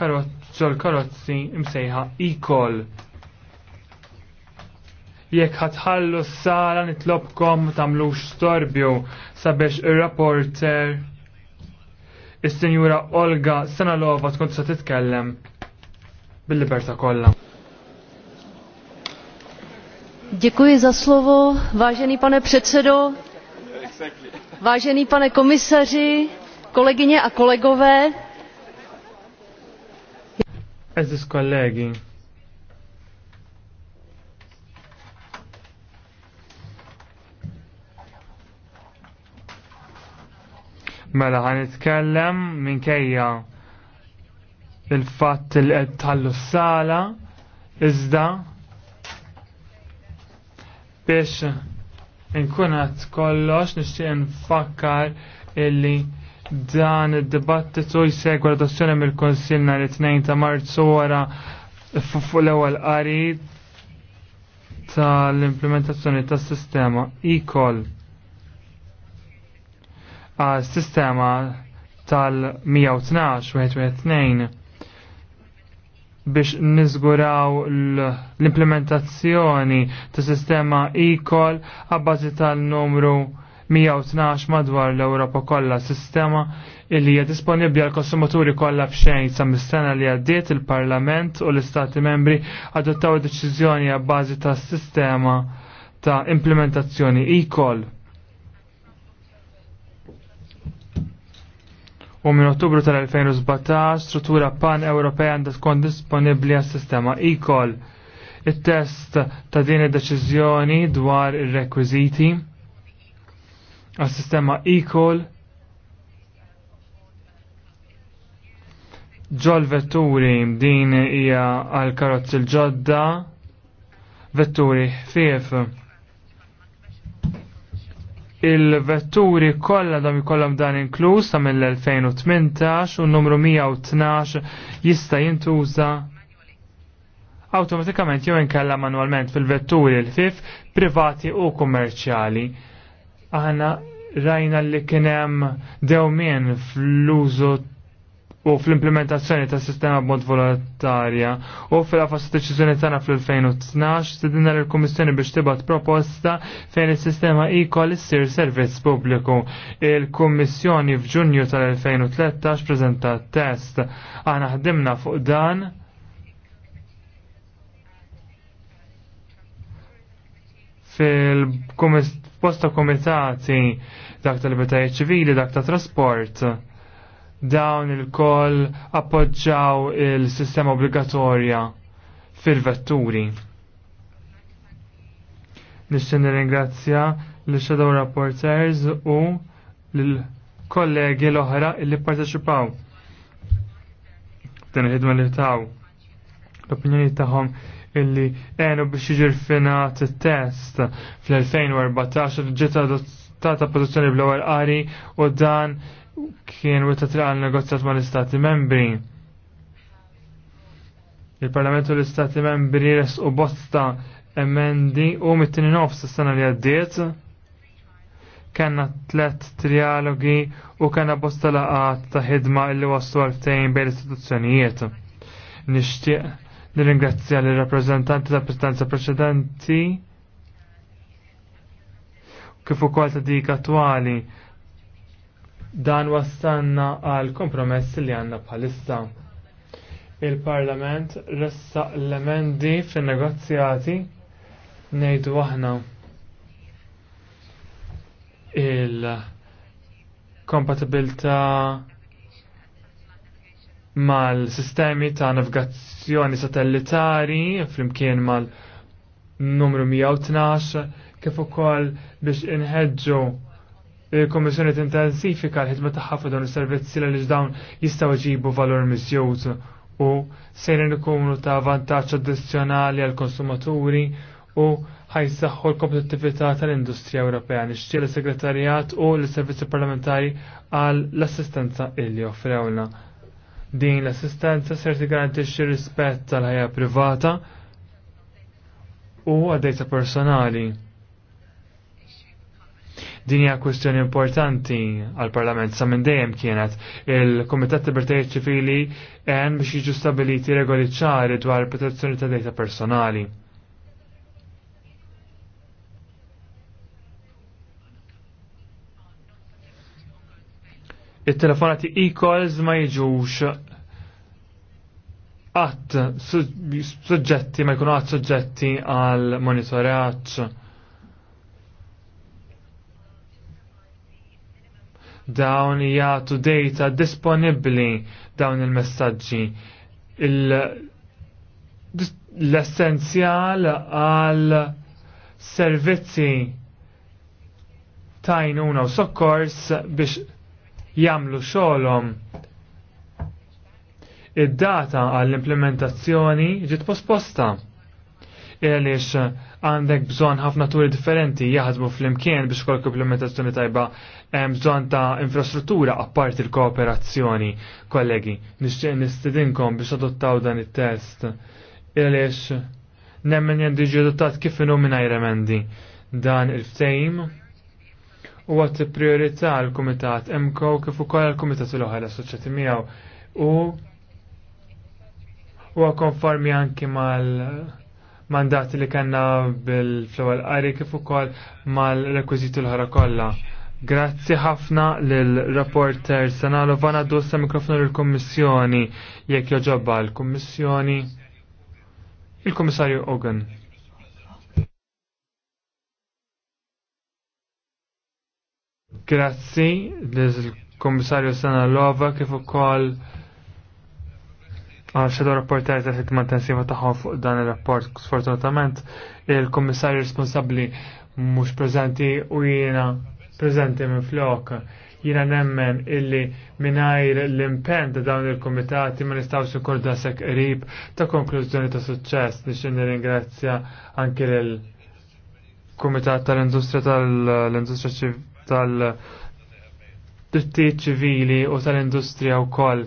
l karozzi msejħa ikol. Jekk ħatħallu s-sala nitlobkom tamlux storbju sabiex il rapporter il-senjura Olga Sanalova tkun tista' titkellem bil-liberta kollha. Děkuji za slovo, vážený pane předsedo, vážený pane komisaři, kolegyně a kolegové. Eżis kollegi. Mela itkellem nitkellem minkejja il-fatt il qed tħallu s-sala iżda biex inkunat kollox nixtieq nfakkar illi dan id-dibattitu jsegwa l-adozzjoni mill konsilna nhar it-2 ta' Marzu wara fuq l-ewwel qari tal-implementazzjoni tas-sistema e-call sistema tal-112 biex nizguraw l-implementazzjoni tas sistema e-call għabbażi tal-numru 112 madwar l-Ewropa kollha sistema illi hija disponibbli għal konsumaturi kollha b'xejn sa mis li għaddiet il-Parlament u l-Istati membri adottaw deċiżjoni għal bażi ta' sistema ta' implementazzjoni e-call. U minn Ottubru tal-2017 struttura pan-Ewropea għandha tkun disponibbli għas sistema e-call. It-test ta' din id-deċiżjoni dwar ir-rekwiżiti għal sistema e-call ġol vetturi din hija għal karozzi il-ġodda vetturi ħfief. Il-vetturi kollha dam ikollhom dan inkluż ta' mill-2018 u numru 112 jista' jintuża awtomatikament jew inkella manwalment fil-vetturi l-ħfief privati u kummerċjali. Aħna rajna li kienem dewmien fl-użu u fl-implementazzjoni ta' sistema mod volontarja u fil-għafas deċiżjoni tagħna fl-2012 tidinna l kummissjoni biex tibgħat proposta fejn is-sistema ikoll sir servizz pubbliku. Il-Kummissjoni f'Ġunju tal-2013 prezenta test. Aħna ħdimna fuq dan fil komissjoni posta komitati dak tal-libertajiet ċivili, dak ta' trasport, dawn il-koll appoġġaw il-sistema obbligatorja fil-vetturi. Nixxen ringrazzja l-Shadow Rapporters u l-kollegi l-oħra li parteċipaw. Dan il-ħidma li taw. L-opinjoni tagħhom illi għenu biex fina t test fl-2014 ġiet adottata pozizjoni bl-ewwel qari u dan kien wita triqal negozjat mal istati membri. Il-Parlamentu l-Istati membri res u bosta emendi u mit-tini nofs s-sena li għaddiet kanna tlet trialogi u kanna bosta laqat ta' ħidma illi waslu ftejn bejn l-istituzzjonijiet. Nixtieq Nirringrazzja l rappreżentanti ta' pistanza preċedenti kif ukoll ta' dik attwali dan wassanna għal kompromess li għandna bħalissa. Il-Parlament ressaq l-emendi fin-negozjati ngħidu aħna il-kompatibilta' mal-sistemi ta' navigazzjoni satellitari flimkien mal-numru 112 kif ukoll biex inħeġġu il-Kommissjoni tintensifika l-ħidma tagħha fuq dawn is-servizzi li dawn jistgħu jġibu valur miżjud u sejrin ikunu ta' vantaġġ addizzjonali għall konsumaturi u ħajsaħħu l-kompetittività tal-Industrija Ewropea nixtieq l-Segretarjat u l-Servizzi Parlamentari għall l-assistenza illi offrewna. Din l-assistenza ser tigarantixxi rispett tal-ħajja privata u għad-dejta personali. Din hija kwestjoni importanti għal Parlament sa minn dejjem kienet il-Kumitat Libertajiet Ċivili hemm biex jiġu stabiliti regoli ċari dwar protezzjoni ta' dejta personali. il-telefonati e-calls ma jiġux għat suġġetti, ma jkunu għat suġġetti għal monitoraċ. Dawn jgħatu data disponibli dawn il-messagġi. L-essenzjal għal servizzi tajnuna u sokkors biex jamlu xogħolhom. Id-data għall-implementazzjoni ġiet posposta e għaliex għandek bżon ħafna turi differenti jaħdmu fl-imkien biex kol komplementazzjoni tajba bżon ta' infrastruttura apparti l-kooperazzjoni. Kollegi, nixtieq nistidinkom biex adottaw dan it-test e għaliex nemmen jendiġi adottat kif inhu minn remendi dan il-ftejm u għat priorità l-Kumitat MKO kif ukoll l-Kumitat l-oħra soċjati miegħu u huwa konformi anki mal mandat li kanna bil-flowel qari kif ukoll mal-rekwiżiti l ħara kollha. Grazzi ħafna lill-rapporter Sanalo Vana Dossa mikrofonu l-Kommissjoni jekk joġobba l-Kommissjoni il-Kommissarju Ogan. Grazzi l-Komissarju Lova kif ukoll għal xedu rapportar ta' ħidma intensiva tagħhom fuq dan ir-rapport. Sfortunatament il-Komissarju responsabbli mhux preżenti u jiena preżenti minn flok. Jiena nemmen illi mingħajr l-impenn ta' dawn il-komitati ma nistgħux ikun dasek qrib ta' konklużjoni ta' suċċess nixtieq nirringrazzja anke l Kumitat tal-Industrija tal-Industrija tal-drittijiet ċivili u tal-industrija wkoll.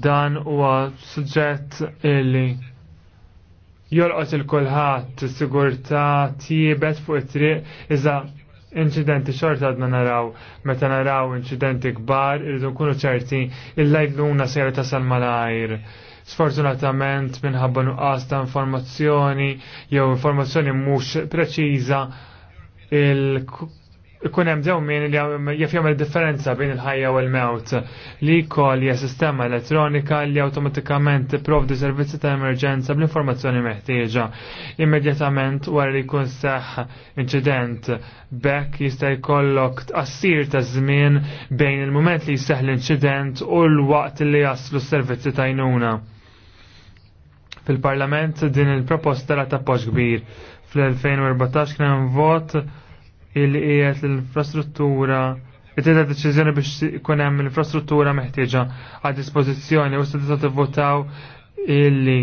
Dan huwa suġġett illi jolqot il-kulħadd sigurta, sigurtà tiebet fuq it-triq iżda incidenti xorta għadna naraw, meta naraw incidenti kbar, irridu nkunu ċerti il-lajluna sejra ta' sal-malajr. Sfortunatament minħabba nuqqas ta' informazzjoni jew informazzjoni mhux preċiża il ikun hemm dew min li jaf jagħmel differenza bejn il-ħajja u l-mewt li jkoll hija sistema elettronika li awtomatikament tipprovdi servizzi ta' emerġenza bl-informazzjoni meħtieġa immedjatament wara li jkun seħħ inċident bekk jista' jkollok tqassir ta' żmien bejn il-mument li jseħħ l-inċident u l-waqt li jaslu s-servizzi ta' jnuna. Fil-Parlament din il-proposta la tappoġġ kbir. Fl-2014 kien vot illi qiegħed l-infrastruttura li tieda deċiżjoni biex ikun hemm l-infrastruttura meħtieġa għad dispożizzjoni u se tivvotaw illi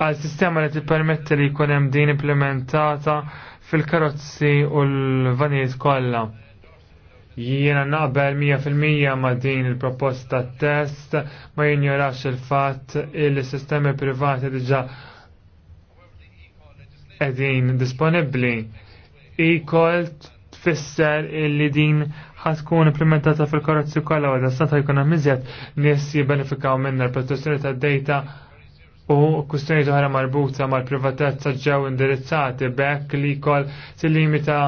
għal sistema li tippermetti li jkun hemm din implementata fil-karozzi u l-vanijiet kollha. Jiena naqbel 100% ma' din il-proposta test ma jinjorax il-fatt il-sistemi privati diġa edin disponibli ikol tfisser illi din ħatkun implementata fil-korrazzi kollha u dasnata jkun hemm iżjed nies jibbenefikaw minna l-protezzjoni tad-dejta u kustjoni oħra marbuta mal-privatezza ġew indirizzati bekk li jkoll limita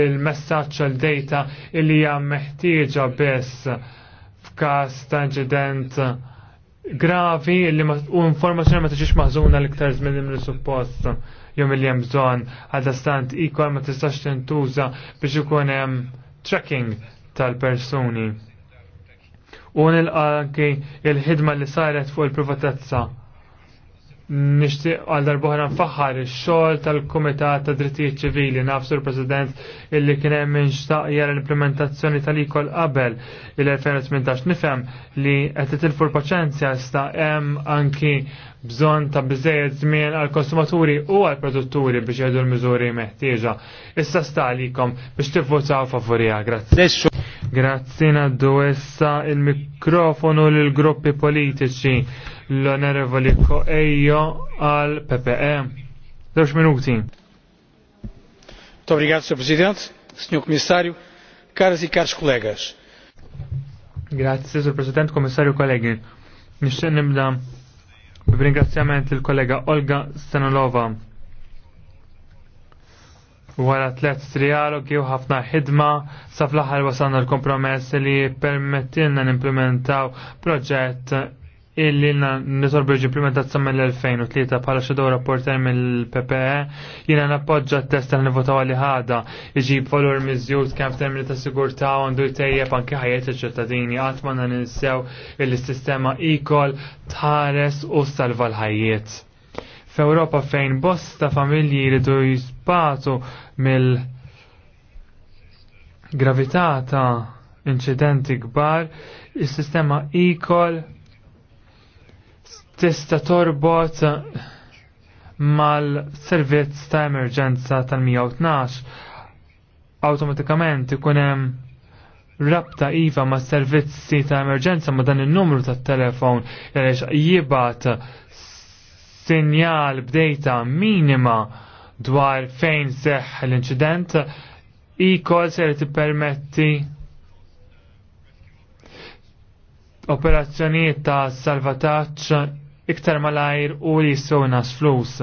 il-messaġġ għal dejta illi hija meħtieġa biss f'każ ta' inċident gravi li u informazzjoni ma tiġix maħżuna l-iktar żmien li suppost jew li hemm bżonn għadastant ikol ma tistax tintuża biex ikun hemm tracking tal-persuni. U nilqa anke il-ħidma li saret fuq il-privatezza nishtiq għal darbohra nfaħħar il-xol tal-Komitat ta' Drittijiet ċivili nafsu l-President illi kien hemm minxtaq jara l-implementazzjoni tal-ikol qabel il-2018 nifhem li qed titilfu l-paċenzja sta hemm anki bżonn ta' biżejjed żmien għal konsumaturi u għal produtturi biex jgħidu l-miżuri meħtieġa. Issa stalikom biex tivvotaw favorija. Grazzi. Grazzi naddu issa il-mikrofonu lill gruppi politiċi l-onorevoli Coelho għal PPE. Dawx minuti. Tobri Obrigado, Sr. Presidente, Sr. Komissarju, caras e karx kollegas. Grazie, Sr. President, Komissarju, kollegi. Nixtieq nibda b'ringrazzjament il-kollega Olga Stanolova. Wara tliet trialogi u ħafna ħidma sa fl-aħħar wasalna l-kompromess li permettilna n-implementaw proġett illi nisorbu ġimplementazza mill-2003 bħala xedow rapporter mill-PPE jina nappoġġa t-test tal nivota li ħada iġib valur miżjut kemm f'termini ta' sigurtà għandu jtejjeb anke ħajiet iċ-ċittadini qatt ma ninsew il-sistema ikol tħares u salva l-ħajjiet. F'Ewropa fejn ta' familji jridu jispatu mill gravità ta' inċidenti kbar, is-sistema ikol tista torbot mal-servizz ta' emerġenza tal-112 automatikament ikun hemm rabta iva ma' servizzi ta' emerġenza ma' dan il-numru ta' telefon għaliex jibat sinjal b'dejta minima dwar fejn seħ l-inċident e-call se tippermetti operazzjonijiet ta' salvataġġ iktar malajr u li jissuna flus.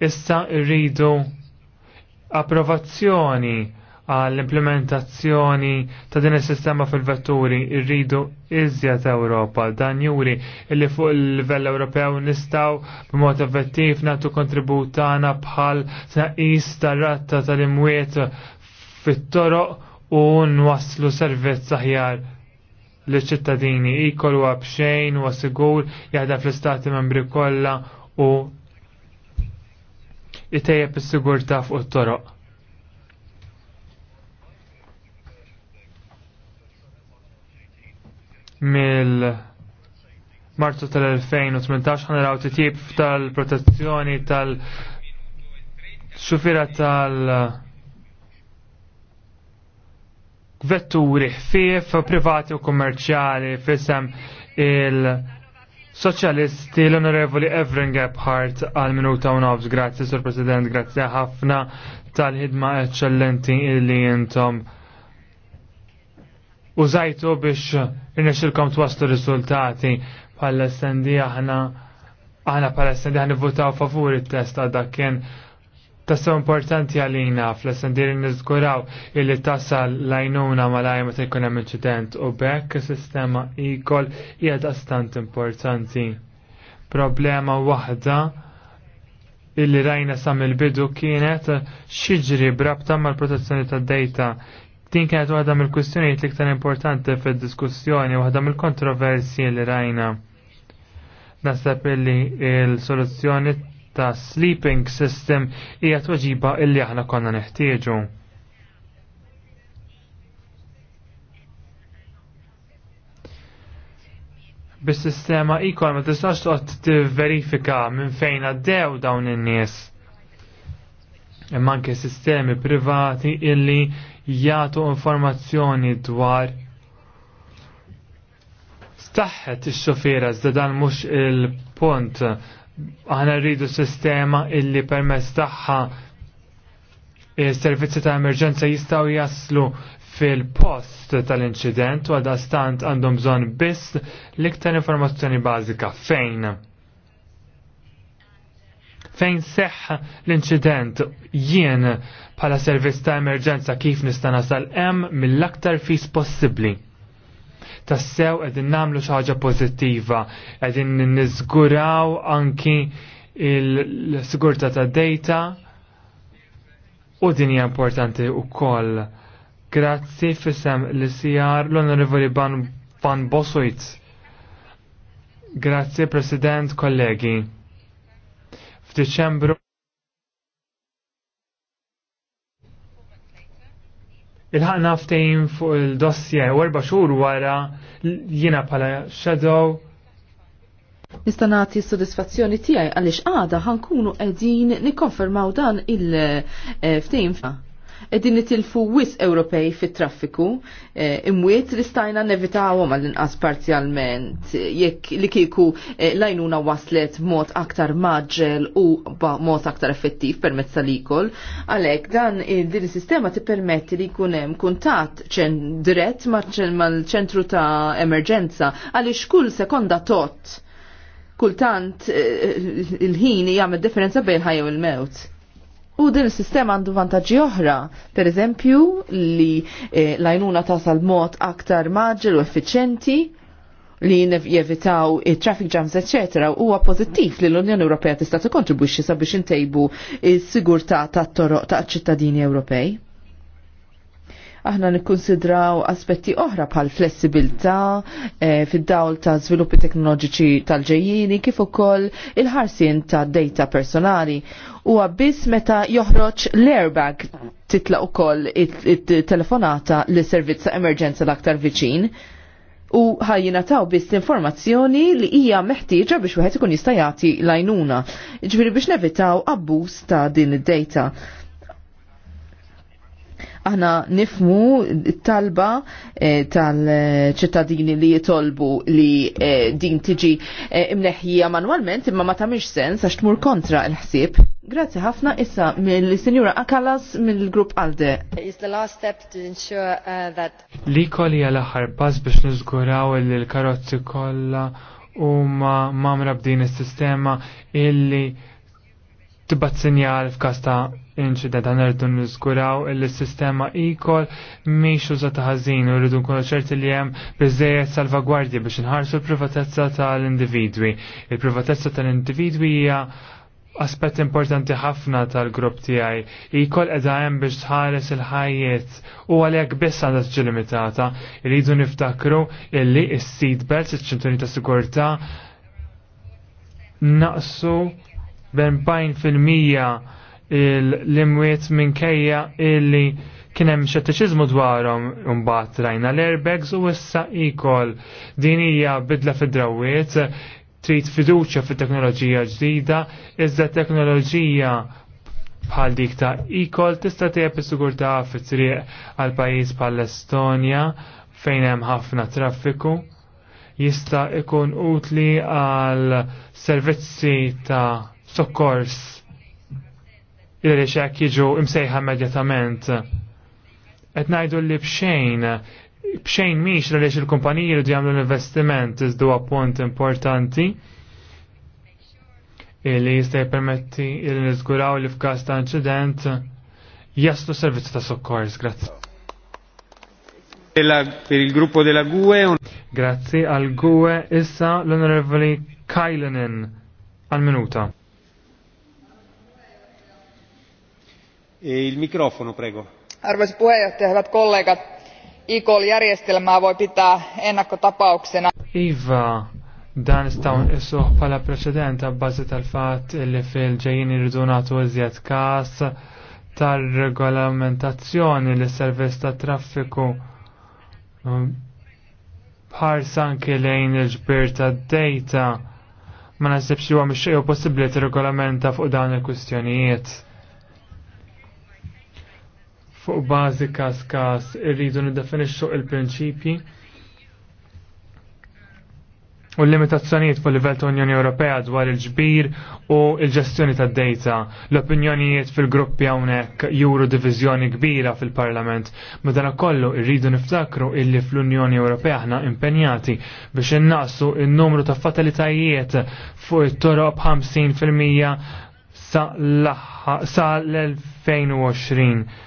Issa rridu approvazzjoni għall-implementazzjoni ta' din is-sistema fil-vetturi rridu iżjed Ewropa dan juri illi fuq il-livell Ewropew nistgħu b'mod effettiv nagħtu kontribut tagħna bħal is tar-ratta tal-imwiet fit-toroq u nwasslu servizz aħjar li ċittadini ikol u għabxejn u għasigur jahda fl-istati membri kolla u itejjeb is taf fuq t toroq mill Marzu tal-2018 t titjib tal-protezzjoni tal-xufira tal-, -protezzjoni tal xufira tal vetturi ħfief privati u kummerċjali fisem il-Soċjalisti l-Onorevoli Evren Gebhardt għal minuta u nofs. Grazzi, Sur President, grazzi ħafna tal-ħidma eccellenti illi jintom użajtu biex irnexilkom twaslu riżultati bħal-SND aħna aħna pal snd ħan votaw favur it-test għal dak kien tassa importanti għalina fl-essendir nizguraw illi tassa lajnuna ma lajma ta' jkun hemm inċident u bekk sistema ikol hija astant importanti. Problema waħda illi rajna sam il-bidu kienet xiġri brabta mal-protezzjoni ta' data Din kienet waħda mill-kwistjonijiet iktar importanti fid-diskussjoni, waħda mill-kontroversji li rajna. Nasab illi il-soluzzjoni ta' sleeping system hija tweġiba illi aħna konna neħtieġu. bis-sistema ikol ma tistax toqgħod tivverifika minn fejn għaddew dawn in-nies. Imma anke sistemi privati illi jagħtu informazzjoni dwar staħħet ix xofira iżda dan mhux il-punt aħna rridu sistema illi permess tagħha il-servizzi ta' emerġenza jistaw jaslu fil-post tal-inċident u għadastant għandhom bżon biss l-iktar informazzjoni bażika fejn. Fejn seħ l-inċident jien pala servizz ta' emerġenza kif nista' nasal hemm mill-aktar fis possibbli tassew qegħdin nagħmlu xi ħaġa pożittiva, qegħdin niżguraw anki il-sigurta ta' data u din hija importanti wkoll. Grazzi fissem li sijar l-Onorevoli Ban, Ban Bosuit. Grazzi President, kollegi. F'Diċembru il-ħakna ftejn fuq il-dossier warba erba' xhur wara jiena bħala shadow Nista' nagħti s-sodisfazzjoni tiegħi għaliex għada ħankunu qegħdin nikkonfermaw dan il eh, fa' qegħdin nitilfu wis Ewropej fit-traffiku eh, imwiet li stajna nevitawhom għall-inqas parzjalment jekk li kieku eh, lajnuna waslet mod aktar maġġel u mod aktar effettiv permezz tal-ikol. Għalhekk dan eh, din is-sistema tippermetti li jkun hemm kuntatt dirett mal-ċentru ta' emerġenza għaliex kull sekonda tot kultant il-ħin jgħamil differenza bejn ħajja u l-mewt. U din is-sistema għandu vantaġġi oħra, per eżempju li eh, lajnuna tasal mod aktar maġġel u effiċenti li jevitaw traffic jams, etc. huwa pożittiv li l-Unjoni Ewropea tista' tikkontribwixxi sabiex intejbu s-sigurtà tat-toroq ta' ċittadini Ewropej aħna nikkonsidraw aspetti oħra bħal flessibilità e, fid-dawl ta' żviluppi teknoloġiċi tal-ġejjini kif ukoll il-ħarsien ta' data personali u biss meta joħroġ l-airbag titla' ukoll it-telefonata it li servizz ta' emerġenza l-aktar viċin u ħajjina taw biss informazzjoni li hija meħtieġa biex wieħed ikun jista' jagħti lajnuna. Ġifieri biex nevitaw abbuż ta' din id-data aħna nifmu talba eh, tal-ċittadini li jitolbu li eh, din tiġi eh, imneħija manwalment imma ma tamix sens għax tmur kontra l-ħsieb. Grazzi ħafna issa mill-Sinjura Akalas mill-Grupp Alde. Uh, li kolli għal aħħar pass biex niżguraw il-karozzi kollha huma mamra b'din is-sistema illi tibgħat sinjal f'każ ta' inċida dan rridu niżguraw il-sistema ikol miex użat ħażin u rridu nkunu ċerti li hemm biżejjed salvagwardja biex inħarsu l-privatezza tal-individwi. Il-privatezza tal-individwi hija aspett importanti ħafna tal-grupp tiegħi. Ikol qiegħda hemm biex tħares il-ħajjiet u għalhekk biss għandha tiġi limitata. Irridu niftakru illi is-seatbelts, iċ-ċintuni ta' sigurtà naqsu ben fil-mija l-imwiet kajja illi kien hemm xettiċiżmu dwarhom imbagħad rajna l-airbags u issa ikol din hija bidla fid-drawwiet trid fiduċja fit-teknoloġija ġdida iżda teknoloġija bħal dik ta' ikol tista' tejjeb is-sigurtà fit-triq għal pajjiż bħal Estonja fejn hemm ħafna traffiku jista' ikun utli għal servizzi ta' sokkors il xek jiġu imsejħa immedjatament. Et najdu li bxejn, bxejn miex li il-kumpaniji li jagħmlu l-investiment iżdu appunt importanti illi jista' permetti li niżguraw li f'każ ta' incident jaslu servizzi ta' sokkors. Grazzi. Per il gruppo della GUE. Grazzi al GUE issa l-Onorevoli al għal minuta. E arvoisa puhemies hyvät kollegat ecall järjestelmää voi pitää ennakkotapauksena. iva dan istaw nqisuh bħala preċedent bbażi tal-fatt li fil-ġejjin iridu nagħtu iżjed każ tar-regolamentazzjoni li servizz tat-traffiku um, bħarsa anke lejn il-ġbir tad-dejta ma nasibx huwa mixtieq possibbli tirregolamenta fuq dawn il-kwistjonijiet fuq bażi kas kas irridu niddefinixxu il-prinċipji u l-limitazzjonijiet fuq livell ta' Unjoni Ewropea dwar il-ġbir u l-ġestjoni tad data L-opinjonijiet fil-gruppi hawnhekk juru diviżjoni kbira fil-Parlament. Madankollu irridu niftakru illi fl-Unjoni Ewropea aħna impenjati biex innaqsu n-numru ta' fatalitajiet fuq it-toroq b'50% sa l-2020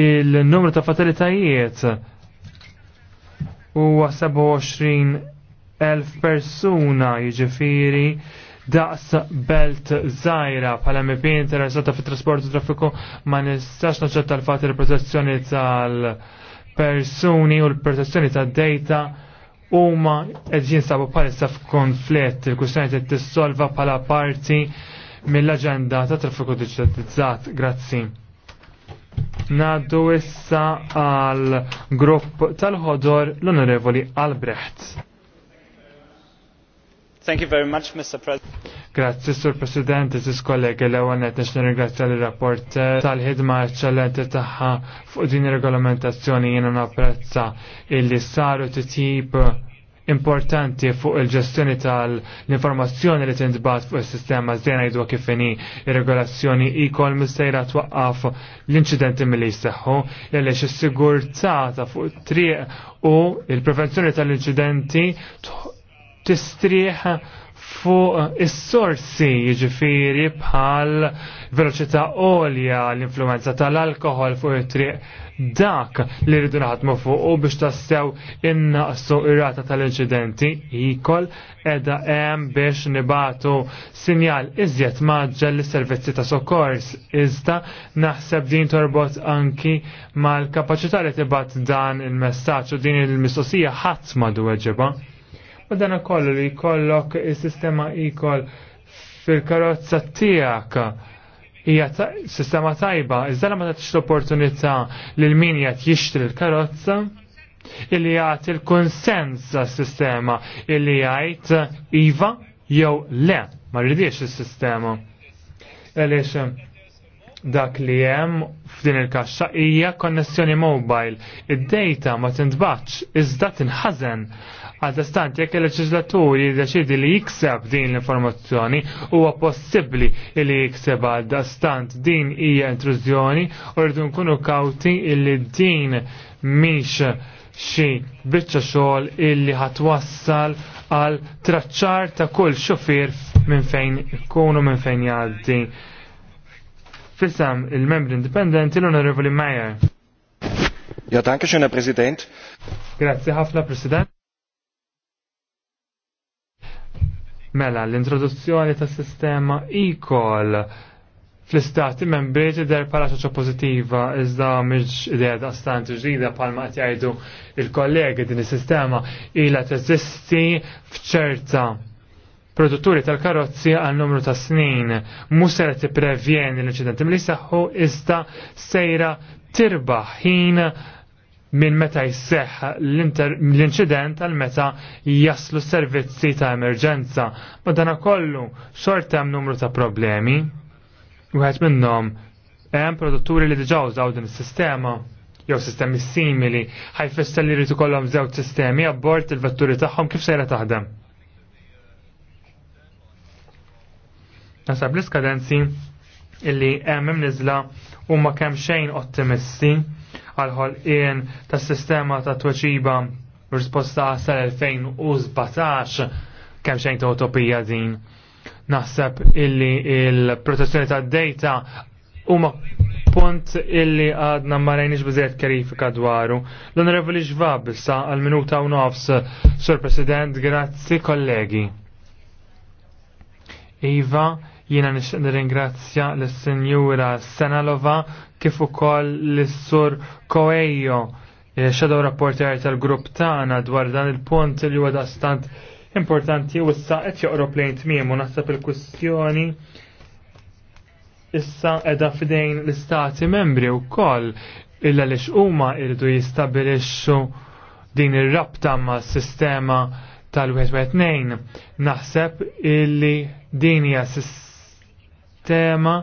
il-numru ta' fatalitajiet huwa 27,000 persuna jiġifieri daqs belt zaħira pala MP interessata fit trasport u traffiku ma nistax naċċetta l-fat il-protezzjoni tal-persuni u l-protezzjoni tad-data huma qed jinsabu saf konflitt il ta' t tissolva pala parti mill-aġenda ta' traffiku diġitalizzat. Grazzi. Naddu issa għal grupp tal-ħodor l-Onorevoli Albrecht. Thank you very much, Mr. President. Grazie, Sur President, Sis kollegi, l-ewanet nix nirgrazzja l-rapport tal-ħidma eccellenti taħħa fuq din regolamentazzjoni jena napprezza illi saru titjib importanti fuq il-ġestjoni tal-informazzjoni li tintbat fuq il-sistema zdena jidwa kifini il-regolazzjoni ikol mistejra twaqqaf l-inċidenti mill-li jisseħħu jgħalix il ta' fuq triq u il-prevenzjoni tal-inċidenti tistrieħ fuq is-sorsi jiġifieri bħal veloċità għolja l-influenza tal-alkohol fuq it-triq dak li rridu naħdmu fuq u biex tassew innaqsu ir-rata tal-inċidenti ikol edha hemm biex nibatu sinjal iżjed maġġel lis servizzi ta' sokkors iżda naħseb din torbot anki mal-kapaċità li tibgħat dan il-messaġġ u din il-mistoqsija ħadd ma' weġiba' u dan kollu li jkollok il-sistema ikol fil-karozza tijak hija sistema tajba, iżda ma tagħtix l-opportunità lil min qed jixtri l-karozza illi jagħti l-konsens għas-sistema illi jgħid iva jew le ma rridiex is-sistema. Għaliex dak li hemm f'din il-kaxxa hija konnessjoni mobile. Id-data ma tintbaċċ iżda tinħazen stant jekk il-leġislatur jiddeċidi li jikseb din l-informazzjoni, huwa possibbli li jikseb stant din hija intrużjoni u rridu nkunu kawti illi din miex xi biċċa xogħol illi ħatwassal għal traċċar ta' kull xufier minn fejn ikunu minn fejn jgħaddi. Fissam il-membri indipendenti l-Onorevoli Meyer. Ja, danke schön, Herr Präsident. Grazie, ħafna, President. Mela, l-introduzzjoni ta' sistema e-call fl-istati membri tidher bħala xaġa pożittiva iżda mhix idea daqstant ġdida bħalma qed jgħidu il-kollegi din is-sistema ilha teżisti f'ċerta produtturi tal-karozzi għal numru ta' snin muser prevjeni l-inċidenti mill-li saħħu iżda sejra tirbaħ ħin minn meta jisseħ l-inċident għal meta jaslu servizzi ta' emerġenza. Madana kollu xortem hemm numru ta' problemi. Wieħed minnhom hemm produtturi li diġa' użaw din is-sistema jew sistemi simili ħajfisser li jrid ikollhom żewġ sistemi abbord il-vetturi tagħhom kif sejra taħdem. Nasab l-iskadenzi illi hemm u huma kemm xejn ottimisti għal-ħolqien tas sistema ta' tweċiba risposta sal-2017 kemm xejn ta' utopija din. Naħseb illi il-protezzjoni ta' data huma punt illi għadna ma rejniex kerifika dwaru. L-Onorevoli Ġvab sa għal-minuta u nofs, Sur President, grazzi kollegi. Iva, Jiena nirringrazzja l-Sinjura Senalova kif ukoll l-Sur Coelho eh, shadow rapporter tal-grupp tagħna dwar dan il-punt li huwa dastant importanti u issa qed joqrob lejn tmiem u naħseb il-kwistjoni issa qiegħda f'idejn l-istati membri wkoll illa lix huma irdu jistabilixxu din ir-rabta ma' sistema tal-1 naħseb illi din hija sistema sistema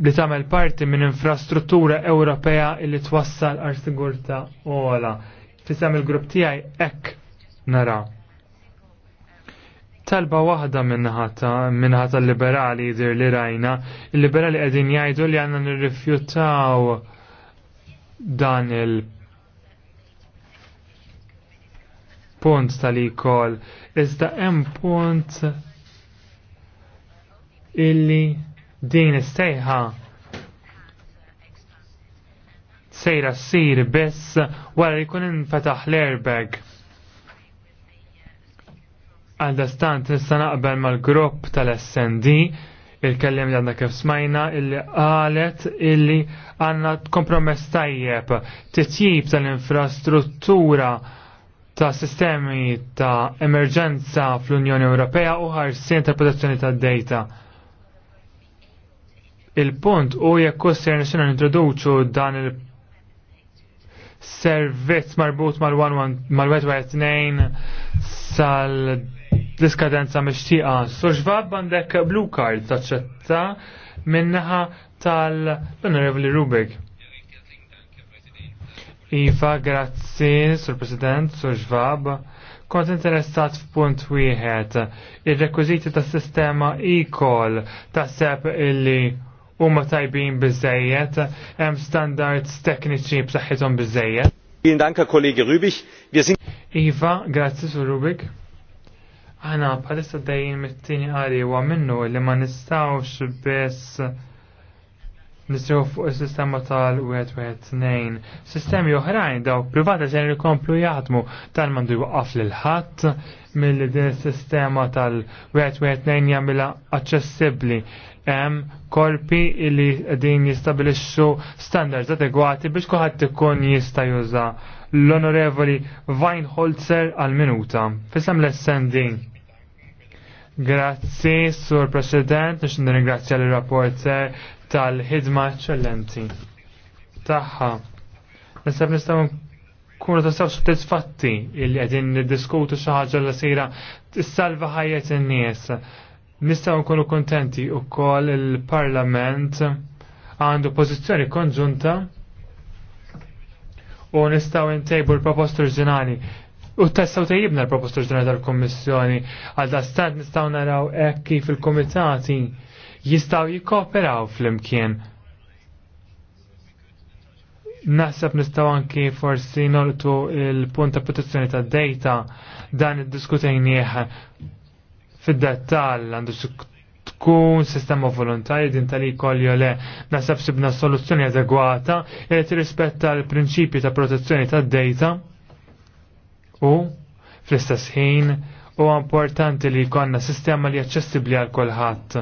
li tagħmel parti minn infrastruttura Ewropea li twassal għal sigurta ola. Fisem il-grupp tiegħi hekk nara. Talba waħda minnħata, minnħata liberali dir li rajna, il-liberali qegħdin jgħidu li għandna nirrifjutaw dan il- punt tal-ikol, iżda hemm punt illi din istejħa sejra s-sir biss wara li jkun infetaħ l-airbag. Għaldastant nista naqbel mal-grupp tal-SND il kellim li għanna kif smajna illi għalet illi għanna kompromess tajjeb titjib tal-infrastruttura ta' sistemi ta' emerġenza fl-Unjoni Ewropea u ħarsien tal protezzjoni ta' data il-punt u jekk kosser nixina introduċu dan il- servizz marbut mal-112 sal-diskadenza mixtieqa. So xvab għandek blue card taċċetta minnaħa tal-Honorable Rubik. Iva, grazzi, Sur President, Sur ġvab. Kont interessat f'punt wieħed. Ir-rekwiżiti tas-sistema e-call taħseb illi huma tajbin biżejjed, hemm standards tekniċi b'saħħithom bizzejjed. Vielen Dank, Herr Kollege Rübig. Wir sind Iva, grazie su Rubik. Għana bħalissa dejjin mit-tini għali huwa minnu li ma nistawx biss nisrew fuq il sistema tal 1 2 2 Sistemi oħrajn daw privata se rikomplu jaħdmu tal mandu jwaqqaf lil ħadd milli din is-sistema 1 2 2 jagħmilha aċċessibbli hemm korpi li qegħdin jistabilixxu standards adegwati biex kulħadd ikun jista' juża l-Onorevoli Weinholzer għal minuta. Fisem l din. Grazzi, Sur President, nix nirringrazzja l-rapporter tal-ħidma eccellenti. Taħħa. Nisab nistaw kunu tasaw soddisfatti illi għedin diskutu xaħġa l-sira t-salva ħajet n-nies Nistaw nkunu kontenti u kol il-Parlament għandu pozizjoni konġunta u nistaw intejbu l-proposta oriġinali. U testaw tejibna l-proposta oriġinali tal-Kommissjoni għal dastat nistaw naraw ekki kif il-Komitati jistaw jikoperaw fl-imkien. Nasab nistaw anki forsi nortu il-punt ta' protezzjoni ta' data dan id-diskutejnieħ fid-dettall għandu tkun sistema volontarju din tal kolju le nasab sibna soluzzjoni adegwata li tirrispetta l-prinċipju ta' protezzjoni ta' data u fl-istess ħin u importanti li jkollna sistema li aċċessibbli għal kulħadd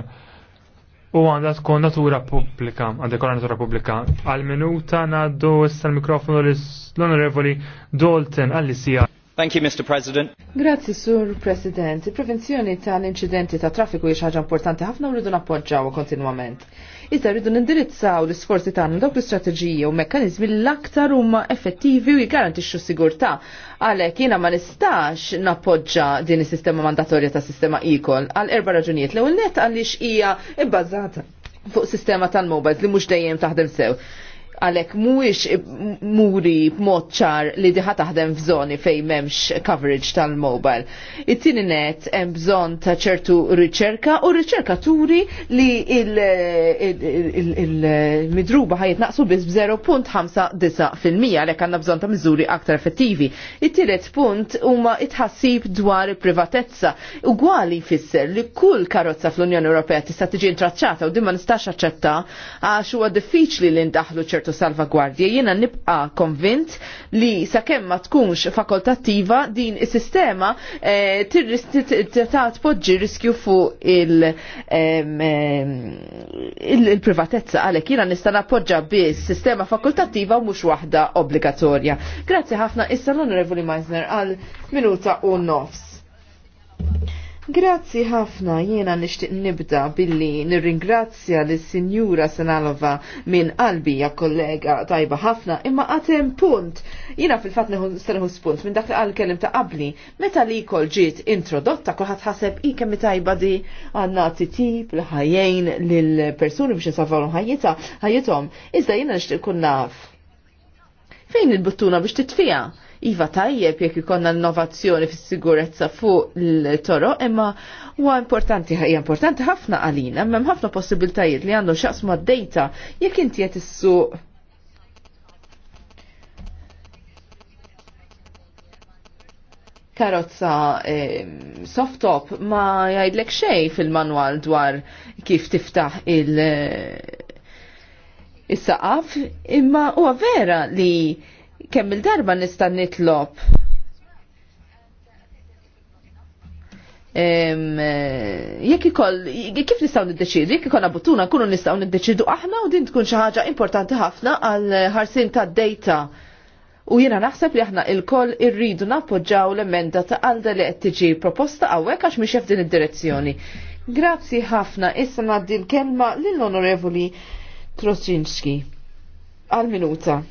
u għandha tkun natura pubblika, għandha tkun natura pubblika. Għal minuta ngħaddu issa l-mikrofonu l-Onorevoli Dalton għall-ICR. Thank you, Mr. President. Grazzi, Sur President. Il-prevenzjoni tal-inċidenti ta' traffiku hija ħaġa importanti ħafna u rridu nappoġġaw kontinwament. Iżda rridu nindirizzaw l-isforzi tagħna dawk l-istrateġiji u mekkaniżmi l-aktar huma effettivi u jgarantixxu sigurtà. Għalhekk jiena ma nistax nappoġġa din is-sistema mandatorja ta' sistema ikol għal erba' raġunijiet. L-ewwel nett għaliex hija bbażata fuq sistema tal-mobiles li mhux dejjem taħdem sew għalek mhuwiex muri b'mod ċar li diħa taħdem f'żoni fejn m'hemmx coverage tal-mobile. it tini net hemm bżonn ta' ċertu riċerka u riċerkaturi li il-midruba ħajet naqsu biss b'0.59% għalhekk għandna bżonn ta' miżuri aktar effettivi. It-tielet punt huma itħassib dwar privatezza. Ugwali jfisser li kull karozza fl-Unjoni Ewropea tista' tiġi intraċċata u din ma nistax aċċetta għax huwa diffiċli li ndaħlu ċertu ċertu salvagwardji. Jiena nibqa konvint li sakemm ma tkunx fakultattiva din is-sistema eh, ta' tpoġġi riskju fuq il-privatezza għalhekk jiena nista' nappoġġa biss sistema fakultattiva u mhux waħda obbligatorja. Grazzi ħafna issa l-Onorevoli Meisner għal minuta u nofs. Grazzi ħafna jiena nixtieq nibda billi nirringrazzja lis sinjura Senalova minn qalbi ja kollega tajba ħafna imma għatem punt. Jiena fil-fatt neħu spunt minn dak li qal kellim ta' qabli meta li kol ġiet introdotta kulħadd ħaseb i kemm tajba di għandna titib l-ħajjejn lill-persuni biex insafawhom ħajjita ħajjithom. Iżda jiena nixtieq kun naf. Fejn il-buttuna biex titfija? Iva tajjeb jekk ikonna innovazzjoni fis sigurezza fuq l-toro, imma huwa importanti hija importanti ħafna għalina, hemm ħafna possibiltajiet li għandu x'aqsma d-dejta jekk inti qed issuq karozza eh, soft top ma jgħidlek xej fil-manwal dwar kif tiftaħ il- eh, saqaf imma huwa vera li kemm il-darba nista' nitlob jekk ikoll kif nistgħu niddeċidu, jekk ikollna buttuna nkunu nistgħu niddeċidu aħna u din tkun xi ħaġa importanti ħafna għal ħarsin tad-data. U jiena naħseb li aħna il-koll irridu nappoġġaw l-emenda ta' għalda li qed tiġi proposta hawnhekk għax mhix f'din id-direzzjoni. Grazzi ħafna, issa ngħaddi l-kelma lill-Onorevoli Trosinski. Għal minuta.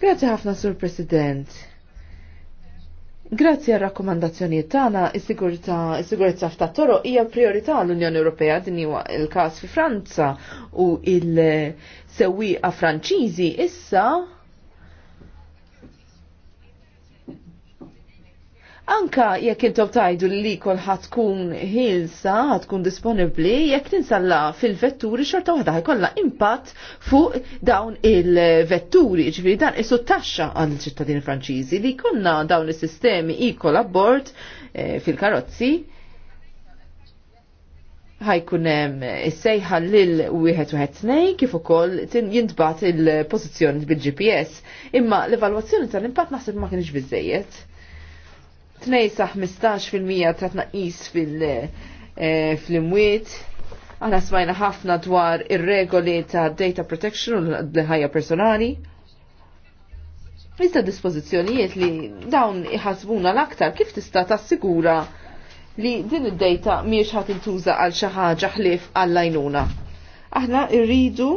Grazie ħafna, Sur President. Grazzi għal rakkomandazzjonijiet tagħna, is sigurizza ta' toro hija priorità l-Unjoni Ewropea din huwa l-każ fi Franza u il-sewwieqa Franċiżi issa Anka jekk intom tajdu li kol ħatkun ħilsa, ħatkun disponibli, jekk tinsalla fil-vetturi xorta waħda ħajkolla impatt fuq dawn il-vetturi, ġviri dan isu taxxa għal ċittadini franċiżi li konna dawn is-sistemi ikol abbord eh, fil-karozzi ħajkun hemm is-sejħa lil wieħed wieħed snej kif ukoll jintbagħat il-pożizzjoni bil-GPS. Imma l-evalwazzjoni tal-impatt naħseb ma kienx biżejjed 2 fil 15% ta' tnaqqis eh, fil-imwiet. Aħna smajna ħafna dwar ir-regoli ta' data protection u l-ħajja personali. Iżda dispożizzjonijiet li dawn iħasbuna l-aktar kif tista' tassigura li din id-data miex ħadd intuża għal xi ħaġa ħlief għall-għajnuna. Aħna rridu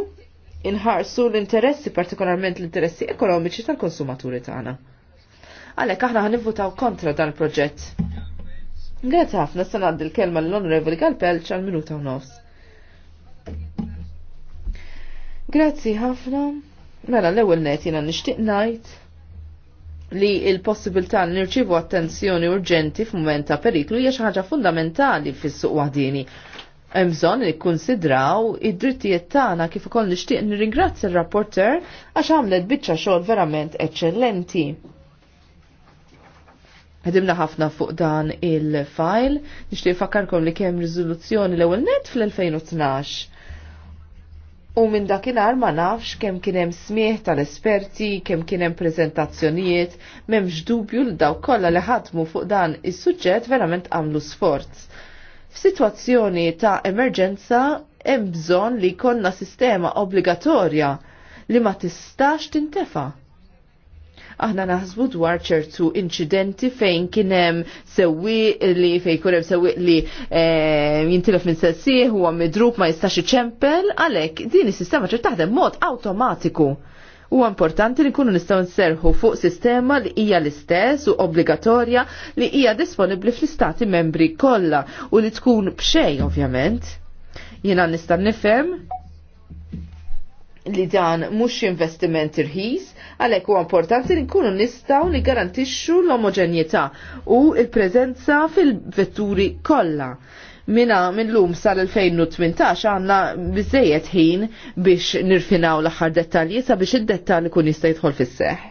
inħarsu l-interessi partikolarment l-interessi ekonomiċi tal-konsumaturi tagħna għalhekk aħna ħanivvutaw kontra dan il-proġett. Grazzi ħafna se ngħaddi l-kelma l-Onorevoli Galpelċ ċal minuta u nofs. Grazzi ħafna. Mela l-ewwel net jiena nixtieq ngħid li il-possibilità li nirċivu attenzjoni urġenti f'mument ta' periklu hija xi ħaġa fundamentali fis-suq waħdini. Hemm bżonn li kkunsidraw id-drittijiet tagħna kif ukoll nixtieq nirringrazzja r-rapporter għax għamlet biċċa xogħol verament eċċellenti. Ħedimna ħafna fuq dan il-file, nixtieq fakkarkom li kemm rizoluzzjoni l-ewwel net fl-2012. U minn dakinhar ma nafx kemm kien hemm smieħ tal-esperti, kemm kien hemm preżentazzjonijiet, m'hemmx dubju li daw kollha li ħadmu fuq dan is-suġġett verament għamlu sforz. F'sitwazzjoni ta' emerġenza hemm bżonn li jkollna sistema obbligatorja li ma tistax tintefa' aħna naħsbu dwar ċertu inċidenti fejn kien hemm sewwi li fejn kurem hemm sewwi li eh, jintilef minn sessieħ huwa midrub ma jistax iċempel għalhekk din is-sistema ċertaħdem taħdem mod awtomatiku. Huwa importanti li nkunu nistgħu nserħu fuq sistema li hija l-istess u obbligatorja li hija disponibbli fl-istati membri kollha u li tkun b'xejn ovvjament. Jiena nista' nifhem li dan mhux investiment irħis, Għalhekk huwa importanti li nkunu nistgħu li garantixxu l-omoġenjetà u l prezenza fil-vetturi kollha Mina minn lum sal-2018 għanna bizzejet ħin biex nirfinaw l-axar dettalji sabiex id-dettalji kun jista' jidħol fis-seħ.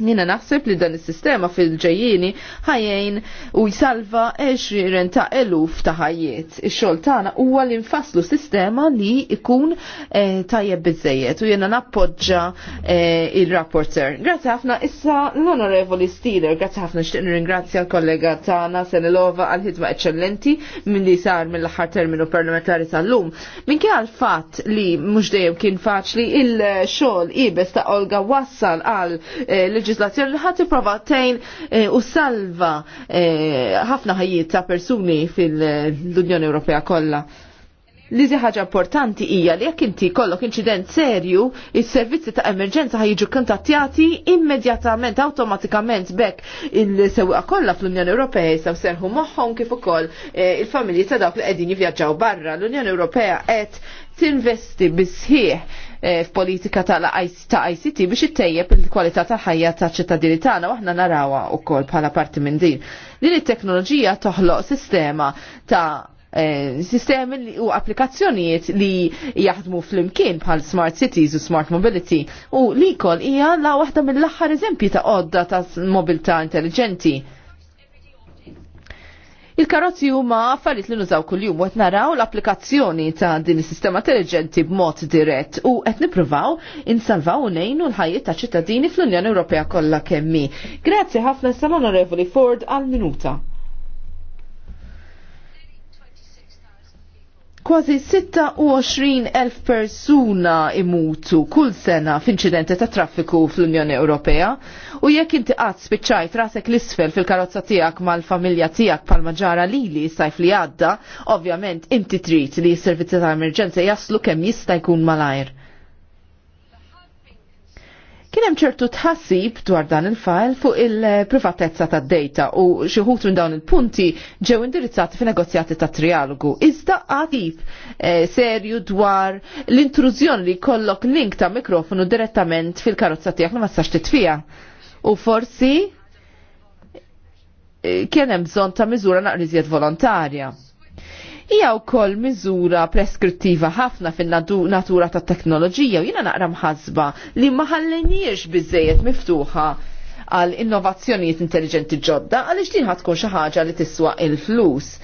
Nina naħseb li dan is-sistema fil-ġejjini ħajjejn u jsalva 20 ta' eluf ta' ħajjiet. Ix-xogħol tagħna huwa li nfasslu sistema li ikun eh, tajjeb biżejjed u jiena nappoġġa eh, il-rapporter. Grazzi ħafna issa l-Onorevoli Steeler, grazzi ħafna xtieq nirringrazzja l-kollega tagħna Senelova għal ħidma eċċellenti minn li sar mill-aħħar terminu parlamentari tal-lum. Minkej għal fatt li mhux dejjem kien faċli il-xogħol ibes ta' Olga wassal għal eh, leġislazzjoni li ħadd tipprova tgħin eh, u salva eh, ħafna ħajjiet ta' persuni fil-Unjoni Ewropea kollha. Li ħaġa importanti hija li jekk inti kollok inċident serju, is-servizzi ta' emerġenza ħajġu kontattjati immedjatament awtomatikament bekk il-sewqa kollha fl-Unjoni Ewropea jistgħu serħu moħħhom kif ukoll eh, il-familji ta' dawk li qegħdin jivvjaġġaw barra. L-Unjoni Ewropea qed tinvesti bisħieħ Eh, f'politika ta' ICT biex ittejjeb il-kwalità ta' ħajja ta' ċittadini tagħna u aħna narawha wkoll bħala parti minn din. Din it-teknoloġija toħloq sistema ta' eh, sistemi u applikazzjonijiet li jaħdmu fl-imkien bħal Smart Cities u Smart Mobility u li kol hija la waħda mill-aħħar eżempji ta' għodda ta' mobilità intelligenti Il-karozzi huma affarijiet li nużaw kuljum u qed naraw l-applikazzjoni ta' din is-sistema intelligenti b'mod dirett u qed nippruvaw insalvaw u nejnu l-ħajjiet ta' ċittadini fl-Unjoni Ewropea kollha kemmi. Grazzi ħafna sal-Onorevoli Ford għal minuta. kważi 26,000 persuna imutu kull sena f'inċidenti ta' traffiku fl-Unjoni Ewropea u jekk inti qatt spiċċajt rasek l-isfel fil-karozza tiegħek mal-familja tiegħek pal ġara lili sajf li għadda, ovvjament inti trid li s-servizzi ta' emerġenza jaslu kemm jista' jkun malajr. Kien hemm ċertu tħassib dwar dan il-fajl fuq il-privatezza tad data u xi wħud minn dawn il-punti ġew indirizzati fi negozjati ta' trialogu. Iżda għatif eh, serju dwar l-intrużjoni li jkollok link ta' mikrofonu direttament fil-karozza tiegħek li ma tistax titfiha? U forsi eh, kien hemm bżonn ta' miżura naqriżiet volontarja hija wkoll miżura preskrittiva ħafna fin-natura tat-teknoloġija u jiena naqra mħasba li ma ħallinijiex biżejjed miftuħa għal innovazzjonijiet intelligenti ġodda għaliex din ħatkun xi ħaġa li tiswa il-flus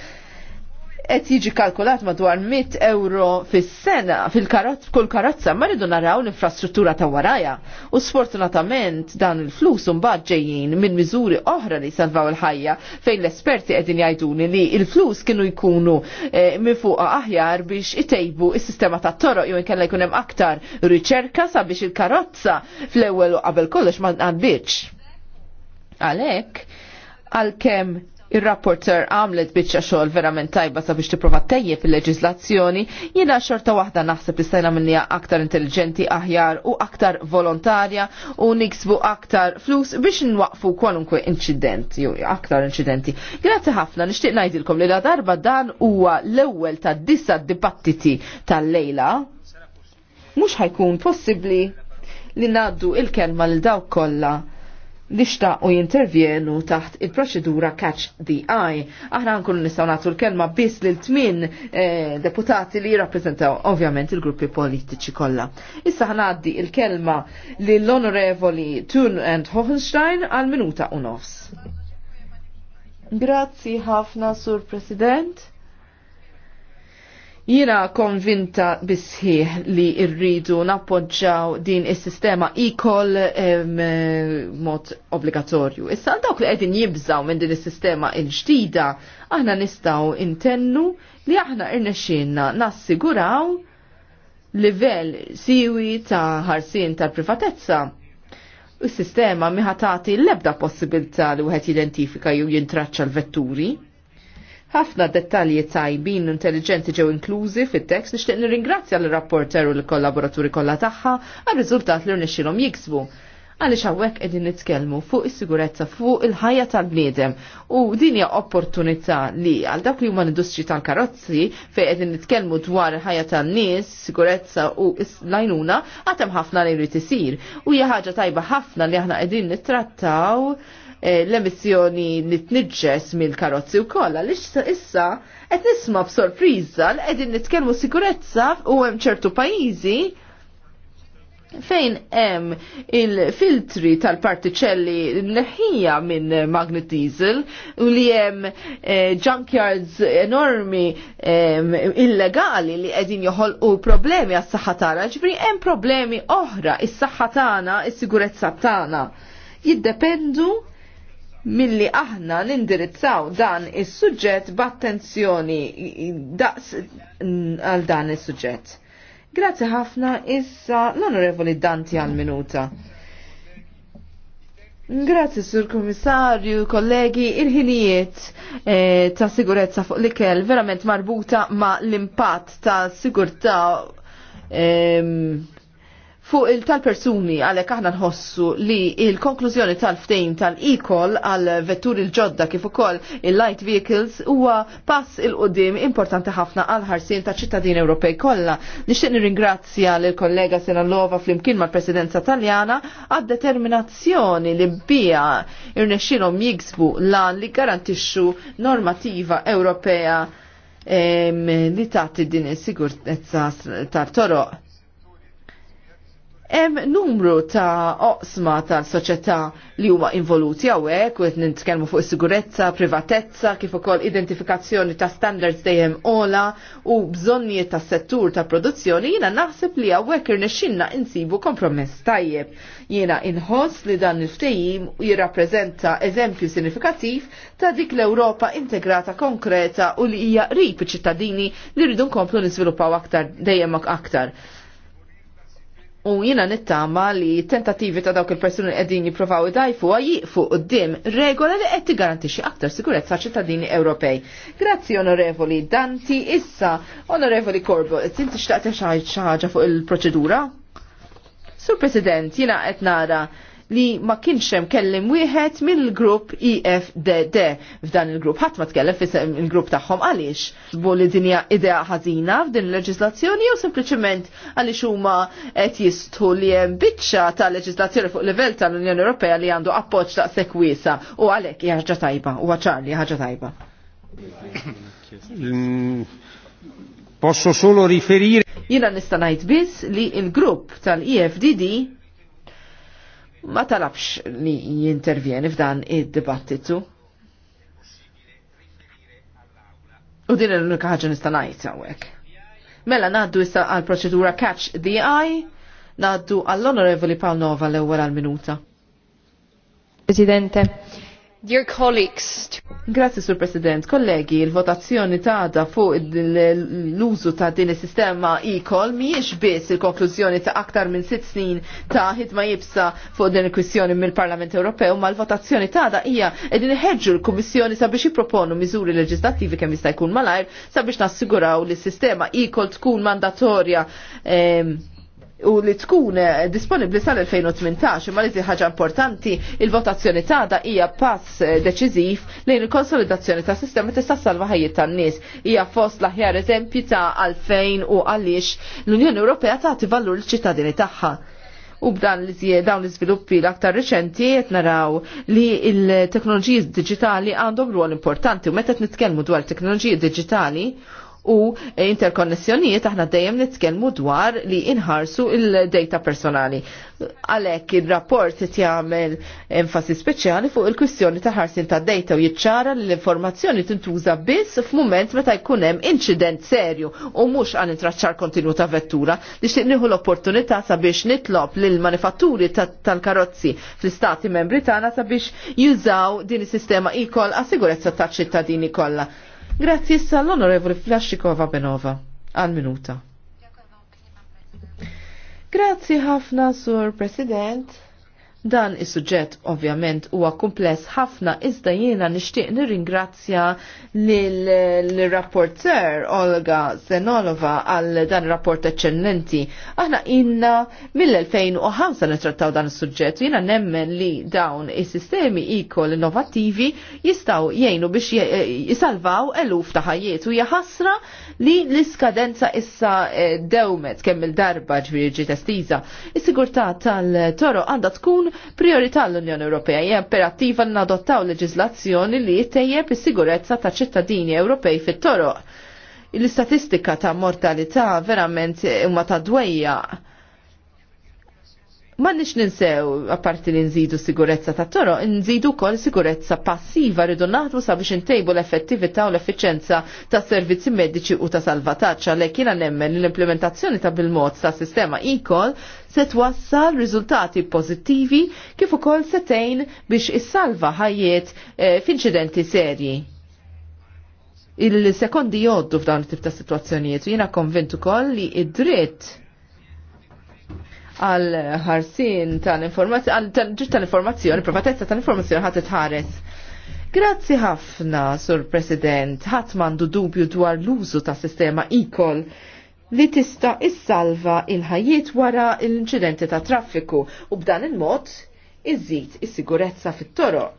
qed jiġi kalkulat madwar 100 euro fis-sena fil-karozz kull karozza ma rridu naraw l-infrastruttura ta' waraja. U sfortunatament dan il-flus mbagħad ġejjin minn miżuri oħra li salvaw il-ħajja fejn l-esperti qegħdin jgħiduni li il-flus kienu jkunu eh, minn fuq aħjar biex itejbu is-sistema ta' toroq jew inkella jkun hemm aktar riċerka sabiex il-karozza fl-ewwel u qabel kollox ma għandix. Għalhekk għalkemm il-rapporter għamlet bieċa xogħol verament tajba sabiex tipprova tejje fil-leġislazzjoni, jiena xorta waħda naħseb li stajna minnija aktar intelligenti aħjar u aktar volontarja u niksbu aktar flus biex nwaqfu kwalunkwe incident, ju aktar incidenti. Grazie ħafna, nixtieq ngħidilkom li la darba dan huwa l-ewwel ta' disa dibattiti tal-lejla. Mhux ħajkun possibbli li ngħaddu il-kelma l dawk kollha li u jintervjenu taħt il-proċedura Catch the Eye. Aħna nkunu nistgħu nagħtu l-kelma biss lil tmin eh, deputati li jirrappreżentaw ovvjament il-gruppi politiċi kollha. Issa ħnaddi il-kelma lill onorevoli Thun and Hohenstein għal minuta u nofs. Grazzi ħafna, Sur President. Jina konvinta bisħih li irridu nappoġġaw din is sistema ikol eh, mod obbligatorju. Issa dawk li qegħdin jibżaw minn din is-sistema l-ġdida, aħna nistgħu intennu li aħna irnexxinna nassiguraw livell siwi ta' ħarsien tal-privatezza is sistema miħa tagħti l-ebda possibilità li wieħed jidentifika jew jintraċċa l-vetturi. Ħafna dettalji tajbin intelligenti ġew inklużi fit-tekst nixtieq nirringrazzja l-rapporter u l-kollaboraturi kollha tagħha għar-riżultat li rnexxilhom jiksbu għaliex hawnhekk qegħdin nitkellmu fuq is-sigurezza fuq il-ħajja tal-bniedem u din hija opportunità li għal dak li huma l-industri tal-karozzi fejn qegħdin nitkellmu dwar il-ħajja tan-nies, sigurezza u l-għajnuna għatem ħafna li jrid isir u hija ħaġa tajba ħafna li aħna qegħdin nittrattaw Eh, l-emissjoni li tniġġes mill-karozzi u kolla li issa qed nisma' b'sorpriża li qegħdin nitkellmu sikurezza u hemm ċertu pajjiżi fejn hemm il-filtri tal-partiċelli mneħħija minn magnet diesel u li hemm eh, junkyards enormi eh, illegali li qegħdin joħolqu problemi għas-saħħa tagħna, ġifieri hemm problemi oħra is-saħħa tagħna, is-sigurezza tagħna. Jiddependu milli aħna nindirizzaw dan is-suġġett b'attenzjoni daqs għal dan is-suġġett. Grazzi ħafna issa l-Onorevoli Danti għal minuta. Grazzi, Sur Komissarju, kollegi, il-ħinijiet eh, ta' sigurezza fuq l-ikel verament marbuta ma' l-impatt ta' sigurta' eh, Fuq il-tal-persuni għalek aħna nħossu li il-konklużjoni tal-ftejn tal-ikol għal vetturi l-ġodda kif ukoll il-light vehicles huwa pass il-qudiem importanti ħafna għal ħarsien ta' ċittadin Ewropej kollha. Nixtieq nirringrazzja lil kollega Senalova flimkien mal-Presidenza Taljana għad determinazzjoni li bija irnexxilhom jiksbu lan li garantixxu normativa Ewropea li tagħti din is-sigurtezza tal toroq Hemm numru ta' oqsma ta' soċjetà li huma involuti hawnhekk u qed nitkellmu fuq is-sigurezza, privatezza, kif ukoll identifikazzjoni ta' standards dejjem ola u bżonnijiet tas-settur ta' produzzjoni jiena naħseb li hawnhekk irnexxinna insibu kompromess tajjeb. Jiena inħoss li dan il-ftehim jirrappreżenta eżempju sinifikattiv ta' dik l-Ewropa integrata konkreta u li hija qrib iċ-ċittadini li rridu nkomplu niżviluppaw aktar dejjem aktar. U jina nittama li tentativi ta' dawk il-persuni qegħdin jippruvaw idajfu jiqfu dim regola li qed xie aktar sigurezza ċittadini Ewropej. Grazzi Onorevoli Danti, issa Onorevoli Korbo, inti xtaqt xi ħaġa fuq il-proċedura? Sur President, jina qed nara li ma kienx hemm kellim wieħed mill-grupp EFDD f'dan il-grupp ħadd ma tkellem fisem il-grupp tagħhom għaliex. Bu li din hija idea ħażina f'din il-leġislazzjoni jew sempliċement għaliex huma qed jistħu li hemm biċċa ta' leġislazzjoni fuq livell tal-Unjoni Ewropea li għandu appoġġ ta' sekwisa u għalhekk hija ħaġa tajba u ċarli ħaġa tajba. Posso solo riferire. Jina nista' ngħid biss li l-grupp tal-EFDD ma talabx li jintervjeni f'dan id-dibattitu. U din l-unika ħaġa nista' ngħid hawnhekk. Mela ngħaddu issa għal proċedura catch the eye, ngħaddu għall-Onorevoli Paul l-ewwel għal minuta. Presidente, Dear colleagues. Grazie, Sur President. Kollegi, il-votazzjoni ta' fuq l-użu ta' din is-sistema e-call miex biss il-konklużjoni ta' aktar minn sitt snin ta' ħidma jibsa fuq din il kwissjoni mill-Parlament Ewropew, ma' l-votazzjoni ta' hija edin iħeġġu l-Kummissjoni sabiex jipproponu miżuri leġislattivi kemm jista' jkun malajr sabiex nassiguraw li s-sistema e-call tkun mandatorja. Eh, u li tkun eh, disponibli sal-2018 imma li ħaġa importanti il-votazzjoni da' hija pass eh, deċiżiv lejn il-konsolidazzjoni ta' sistema tista' salva ħajjiet tan-nies. Hija fost l-aħjar ta' għalfejn u għaliex l-Unjoni Ewropea tagħti valur l-ċittadini tagħha. U b'dan li dawn l-iżviluppi l-aktar reċenti qed naraw li l-teknoloġiji digitali għandhom rwol importanti u meta nitkellmu dwar teknoloġiji digitali u interkonnessjonijiet aħna dejjem nitkellmu dwar li inħarsu il-data personali. Għalhekk ir-rapport qed jagħmel enfasi speċjali fuq il-kwistjoni ta' ħarsin ta' data u jiċċara li l-informazzjoni tintuża biss f'mument meta jkun hemm inċident serju u mhux għan intraċċar kontinu ta' vettura li xtieq nieħu l-opportunità sabiex nitlob lill manifatturi tal-karozzi fl-istati membri tagħna sabiex jużaw din is-sistema ikoll għas-sigurezza taċ-ċittadini kollha Grazzi issa l-Onorevoli Flashikova Benova għal-minuta. Grazzi ħafna, Sur President. Dan is-suġġett ovvjament huwa kumpless ħafna iżda jiena nixtieq nirringrazzja lill-rapporter Olga Zenolova għal dan rapport eċċellenti. Aħna inna mill-2005 nittrattaw dan is-suġġett jiena nemmen li dawn is-sistemi ikol innovattivi jistgħu jgħinu biex eh, jisalvaw eluf ta' ħajjiet u jaħasra li l-iskadenza issa eh, dewmet kemm il-darba ġviri ġi testiża. Is-sigurtà tal-toro għandha tkun priorità l-Unjoni Ewropea hija imperattiva nadottaw leġiżlazzjoni li tejjeb is-sigurezza ta' ċittadini Ewropej fit-toroq. L-istatistika ta' mortalità verament huma ta' dwejja Ma nix ninsew, apparti li nżidu sigurezza ta' toro, nżidu kol sigurezza passiva rridu naħdu sabiex intejbu l-effettività u l efficienza ta' servizzi mediċi u ta' salvataċċa li kiena nemmen l-implementazzjoni ta' bil-mod ta' sistema e kol se twassal riżultati pozittivi kif ukoll setejn biex issalva ħajiet e, eh, f'inċidenti serji il-sekondi joddu f'dawn it-tip ta' situazzjonijiet. Jina konventu koll li id-dritt għal ħarsin tal-informazzjoni, għal tal-informazzjoni, privatezza tal-informazzjoni ħat tħares. Grazzi ħafna, Sur President, ħadd m'għandu dubju dwar l-użu ta' sistema ikol li tista' issalva il-ħajiet wara l-inċidenti ta' traffiku u b'dan il-mod iżid is-sigurezza fit-toroq.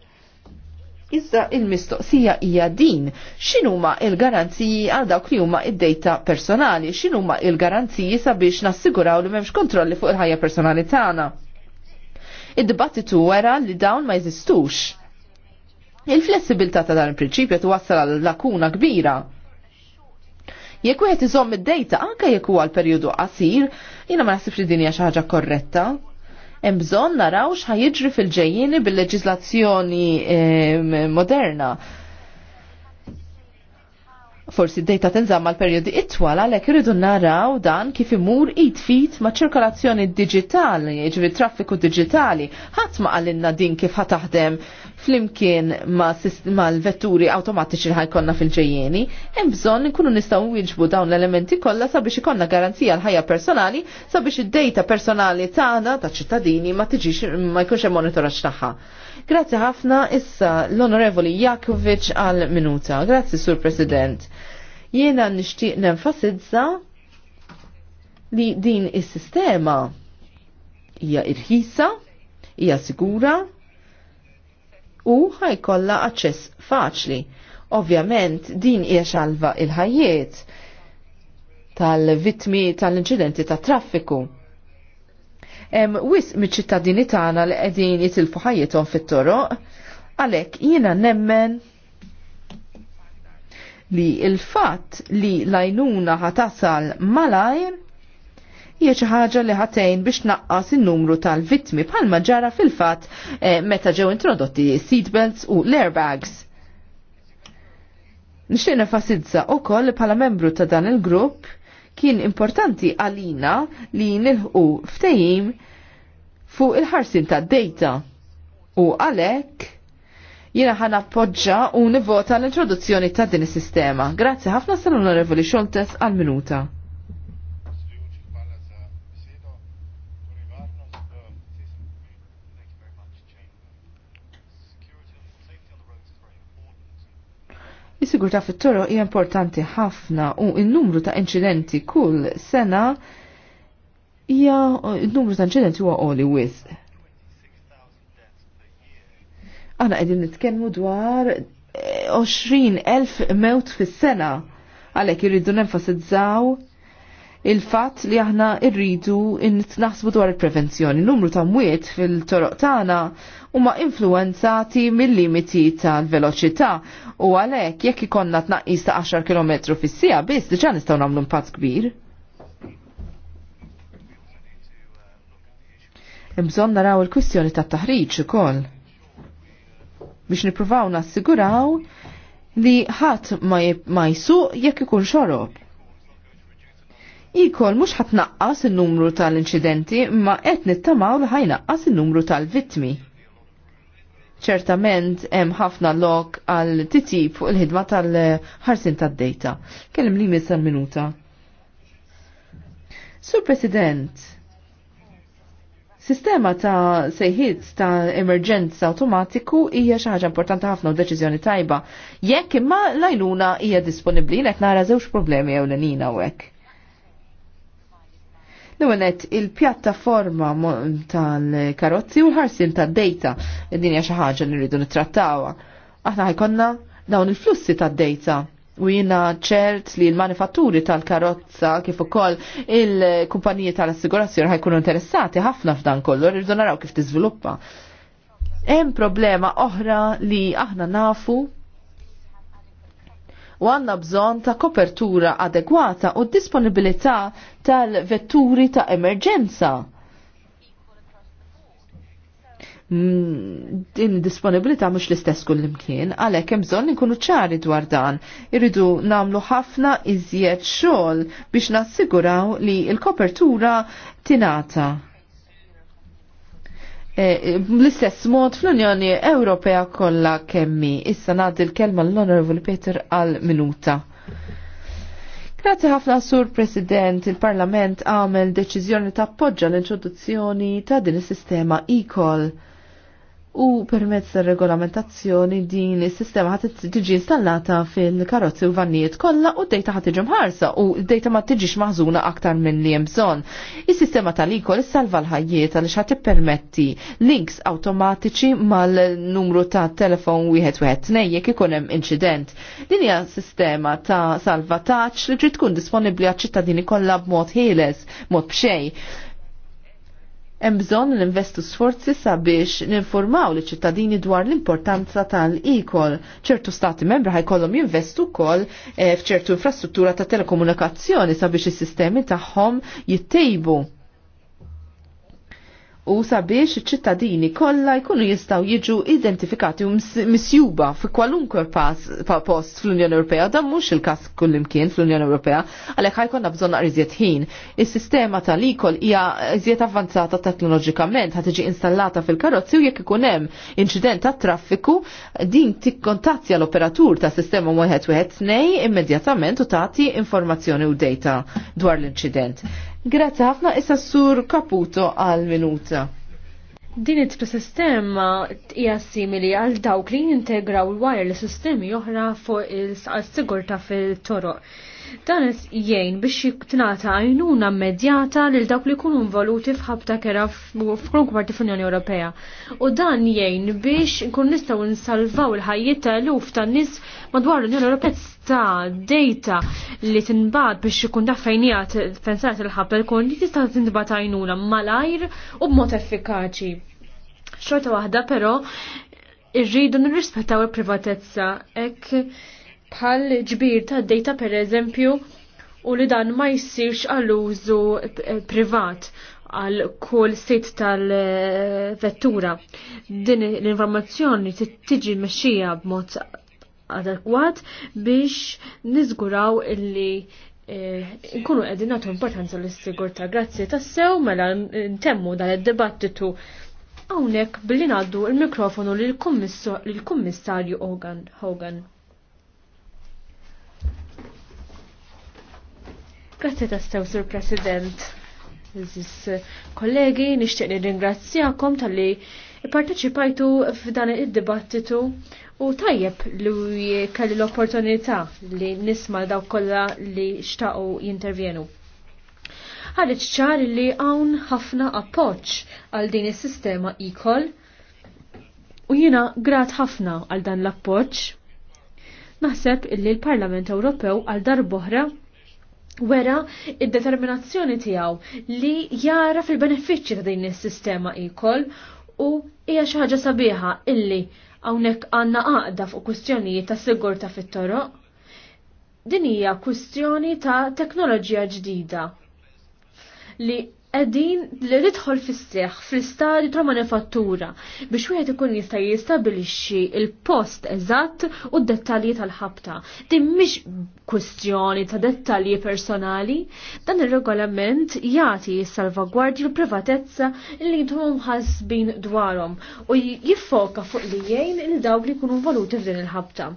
Iżda il-mistoqsija hija din, x'inhuma il-garanziji għal dawk li huma id-dejta personali, x'inhuma il-garanziji sabiex nassiguraw li m'hemmx kontrolli fuq il-ħajja personali tagħna. Id-dibattitu wera li dawn ma jeżistux. Il-flessibilità ta' dan il-prinċipju twassal għal lakuna kbira. Jekk wieħed iżomm id-dejta anke jekk huwa l-perjodu qasir, jiena ma naħsibx li din hija xi ħaġa korretta hemm bżonn naraw x'ħajiġri fil ġejjini bil-leġiżlazzjoni ehm, moderna. Forsi d-dejta tenżam mal perjodi itwal għalhekk irridu naraw dan kif imur it-fit ma' ċirkolazzjoni digitali, jiġri traffiku digitali. Ħadd ma qalilna din kif ħataħdem flimkien ma, ma l-vetturi automatiċi li ħajkonna fil-ġejjeni, hemm bżonn nkunu nistgħu wieġbu dawn l-elementi kollha sabiex ikonna garanzija l-ħajja personali sabiex id-dejta personali tagħna ta' ċittadini ma tiġix ma jkunx hemm monitoraġġ tagħha. Grazzi ħafna issa l-Onorevoli Jakovic għal minuta. Grazzi Sur President. Jiena nixtieq nenfasizza li din is-sistema hija irħisa, hija sigura, u ħajkolla aċċess faċli. Ovvjament din hija xalva il-ħajjiet tal-vitmi tal-inċidenti ta' traffiku. Em, wis miċ ċittadini tagħna li qegħdin jitilfu ħajjithom fit-toroq, għalhekk jiena nemmen li il-fatt li lajnuna ħatasal malajr hija xi ħaġa li ħatejn biex naqqas in-numru tal-vittmi bħalma ġara fil-fatt eh, meta ġew introdotti seatbelts u l-airbags. Nixtieq nefasizza wkoll bħala membru ta' dan il-grupp kien importanti għalina li nilħu ftejim fuq il-ħarsin ta' data u għalek jina ħan appoġġa u nivota l-introduzzjoni ta' din is-sistema. Grazzi ħafna sal-Onorevoli Xoltes għal-minuta. Is-sigurtà fit-toro hija importanti ħafna u n-numru ta' inċidenti kull sena hija n-numru ta' inċidenti huwa qoli wisq. Aħna qegħdin nitkellmu dwar eh, 20,000 mewt fis-sena għalhekk irridu nenfasizzaw il-fatt li aħna rridu tnaħsbu dwar il-prevenzjoni. Numru ta' mwiet fil-toroq tagħna huma influenzati mill-limiti tal-veloċità u għalhekk jekk ikonna tnaqqis ta' 10 km fis-sija biss diġà nistgħu nagħmlu impatt kbir. Imżon naraw il-kwistjoni ta' taħriġ ukoll biex nippruvaw nassiguraw li ħadd ma jsuq jekk ikun xorob Ikol mux ħatnaqqas il-numru tal-inċidenti ma qed nittamaw li ħajnaqqas il-numru tal-vittmi. Ċertament hemm ħafna lok għal titjib fuq il-ħidma tal-ħarsin tad-dejta. Kellim li mis minuta. Sur President, Sistema ta' sejħiet ta' emerġenza automatiku hija xi ħaġa importanti ħafna u deċiżjoni tajba. Jekk imma l-għajnuna hija disponibbli qed nara żewġ problemi u hekk. L-għonet il-pjattaforma tal-karozzi u l-ħarsin tad-data id-dinja xi ħaġa li rridu nittrattawha. Aħna ħajkonna dawn il-flussi tad-data u jina ċert li l-manifatturi tal-karozza kif ukoll il kumpanijiet tal-assigurazzjoni ħajkunu interessati ħafna f'dan kollu, rridu naraw kif tiżviluppa. Hemm problema oħra li aħna nafu u għanna bżon ta' kopertura adegwata u disponibilità tal-vetturi ta' emerġenza. Mm, din disponibilità mhux l-istess kullimkien, għalhekk hemm bżonn inkunu ċari dwar dan. Irridu nagħmlu ħafna iżjed xogħol biex nassiguraw li l-kopertura tingħata. E, l-istess mod fl-Unjoni Ewropea kollha kemmi. Issa ngħaddi l-kelma l honorable Peter għal minuta. Grazzi ħafna Sur President, il-Parlament għamel deċiżjoni ta' appoġġa l-introduzzjoni ta' din is-sistema e-call u permezz regolamentazzjoni din is-sistema ħadd tiġi installata fil-karozzi u vannijiet kollha u d-dejta ħadd tiġi mħarsa u d-dejta ma tiġix maħżuna aktar minn li hemm bżonn. Is-sistema tal-ikol issalva l-ħajjiet għaliex ħadd tippermetti links awtomatiċi mal-numru ta' telefon wieħed wieħed tnejjek ikun hemm inċident. Din hija sistema ta' salvataġġ li trid tkun disponibbli għaċ-ċittadini kollha b'mod ħieles, mod b'xejn Hemm bżonn l-investu sforzi sabiex ninformaw li ċittadini dwar l-importanza tal-ikol. ċertu stati membri ħajkollhom jinvestu wkoll eh, f'ċertu infrastruttura ta' telekomunikazzjoni sabiex is-sistemi tagħhom jittejbu u sabiex iċ-ċittadini kollha jkunu jistgħu jiġu identifikati u misjuba fi kwalunkwe post fl-Unjoni Ewropea, dan mhux il-każ kullimkien fl-Unjoni Ewropea, għalhekk ħajkonna bżonn iżjed ħin. Is-sistema tal-ikol hija żied avvanzata teknoloġikament ħad tiġi installata fil-karozzi u jekk ikun hemm inċident ta' traffiku din tikkontazzja l-operatur ta' sistema wieħed wieħed snej immedjatament u tagħti informazzjoni u data dwar l-inċident. Grazzi ħafna issa sur Caputo għal minuta. Din it-sistema hija simili għal dawk li jintegraw il-wireless sistemi oħra fuq il-sigurta fil-toroq Dan jgħin biex tingħata għajnuna immedjata lil dawk li jkunu involuti f'ħabta kera f'kun parti fl-Unjoni Ewropea. U dan jgħin biex nkun nistgħu nsalvaw il-ħajjiet ta' eluf ta' nies madwar l-Unjoni Ewropea ta' data li tinbad biex ikun ta' fejnijat fensat il-ħabta l-kun li tista' tinbad għajnuna malajr u b'mod effikaċi. Xorta waħda però irridu nirrispettaw il-privatezza ek bħal ġbir ta' data per eżempju u li dan ma jissirx għall-użu eh, privat għal kull sit tal-vettura. Din l-informazzjoni tiġi mexxija b'mod adekwat biex niżguraw illi eh, nkunu qegħdin nagħtu importanza l sigurta Grazzi tassew mela ntemmu dan id-dibattitu hawnhekk billi ngħaddu il-mikrofonu lill-Kummissarju Hogan. Grazzi ta' stew, Sur President. Ziz eh, kollegi, nixtieq nirringrazzjakom tal-li parteċipajtu f'dan id-dibattitu u tajjeb li kelli l-opportunità li nisma' dawk kollha li xtaqu jintervjenu ħareġ ċar li hawn ħafna appoġġ għal din is-sistema ikol u jiena grat ħafna għal dan l-appoġġ. Naħseb li l-Parlament Ewropew għal darboħra wera il determinazzjoni tiegħu li jara fil-benefiċċji ta' din is-sistema ikol u hija xi ħaġa sabiħa illi hawnhekk għandna għaqda fuq kwistjonijiet ta' sigurta fit-toroq. Din hija kwistjoni ta' teknoloġija ġdida li edin li ridħol fis fil fl-istadju manifattura biex wieħed ikun jista' jistabilixxi il-post eżatt u d-dettalji tal-ħabta. Din mhix kwestjoni ta' dettalji personali, dan ir-regolament jagħti salvagwardju l-privatezza li jintuhom ħasbin dwarhom u jiffoka fuq li jgħin il dawk li jkunu voluti f'din il-ħabta.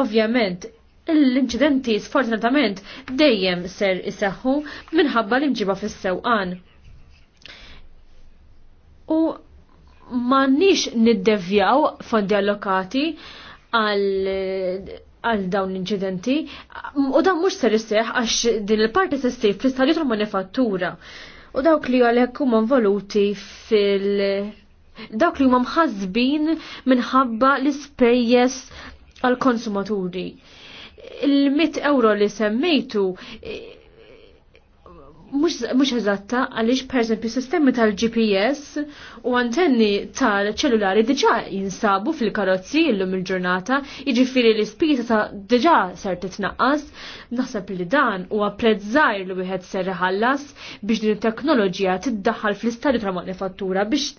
Ovvjament, l-inċidenti sfortunatament dejjem ser iseħħu minħabba l-imġiba fis-sewqan u m'għandniex niddevjaw fondi allokati għal għal dawn l-inċidenti u dan mhux ser isseħ għax din il-parti se ssir fl-istadju manifattura u dawk li għalhekk huma voluti fil dawk li huma mħazbin minħabba l-ispejjeż għal konsumaturi. Il-100 euro li semmejtu mux eżatta għalix per esempio sistemi tal-GPS u antenni tal-ċellulari diġa jinsabu fil-karozzi illum il-ġurnata, iġifiri li spita ta' diġa ser titnaqqas, naħseb li dan u għaprezzajr li wieħed ser ħallas biex din it-teknoloġija tiddaħħal fl-istadju ta' manifattura biex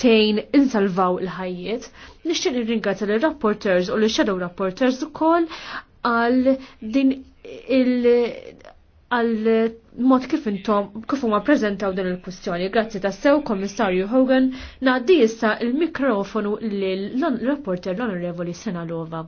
tejn insalvaw il-ħajjiet. Nixtieq nirringrazzja l-rapporters u l-shadow rapporters ukoll għal din il- għal mod kif intom kif huma preżentaw din il-kwistjoni. Grazzi ta' sew Kommissarju Hogan ngħaddi issa il-mikrofonu lill-rapporter l-Onorevoli Lova.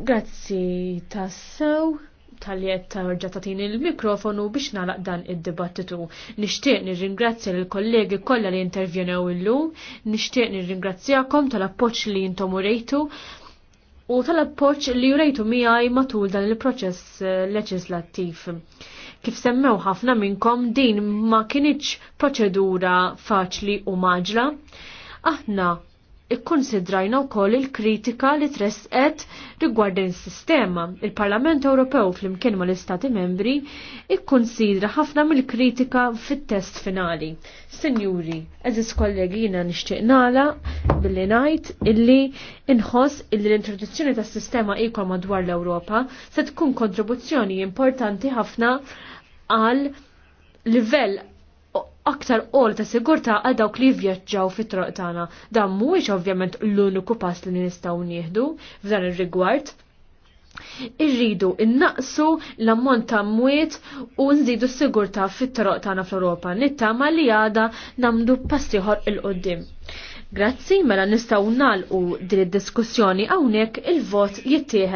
Grazzi ta' sew tal-jiet ta' tatini il-mikrofonu biex nalaq dan id-dibattitu. Nishtiq nirringrazzja l-kollegi kollha li intervjenew illum, nishtiq nirringrazzjakom tal-appoċ li jintom Rejtu u tal-appoċ li jurejtu miħaj matul dan il-proċess eh, leġislattiv. Kif semmew ħafna minnkom din ma kienieċ proċedura faċli u maġla, aħna ikkonsidrajna wkoll il-kritika li tresqet rigward din sistema Il-Parlament Ewropew flimkien mal istati membri ikkonsidra ħafna mill-kritika fit-test finali. Sinjuri, eżis kollegina nixtieq nagħla billi ngħid illi inħoss illi l-introduzzjoni tas-sistema ikol madwar l-Ewropa se tkun kontribuzzjoni importanti ħafna għal livell aktar qol ta' sigurta għal dawk li vjaġġaw fit-troq tagħna. Dan mhuwiex ovvjament l-uniku pass li nistgħu nieħdu f'dan ir-rigward. Irridu innaqsu l-ammont ta' mwiet u nżidu s-sigurta fit-troq tagħna fl-Ewropa. Nittama li għada namdu passiħor il-qoddim. Grazzi, mela nistgħu nagħlqu din id-diskussjoni hawnhekk il-vot jittieħed.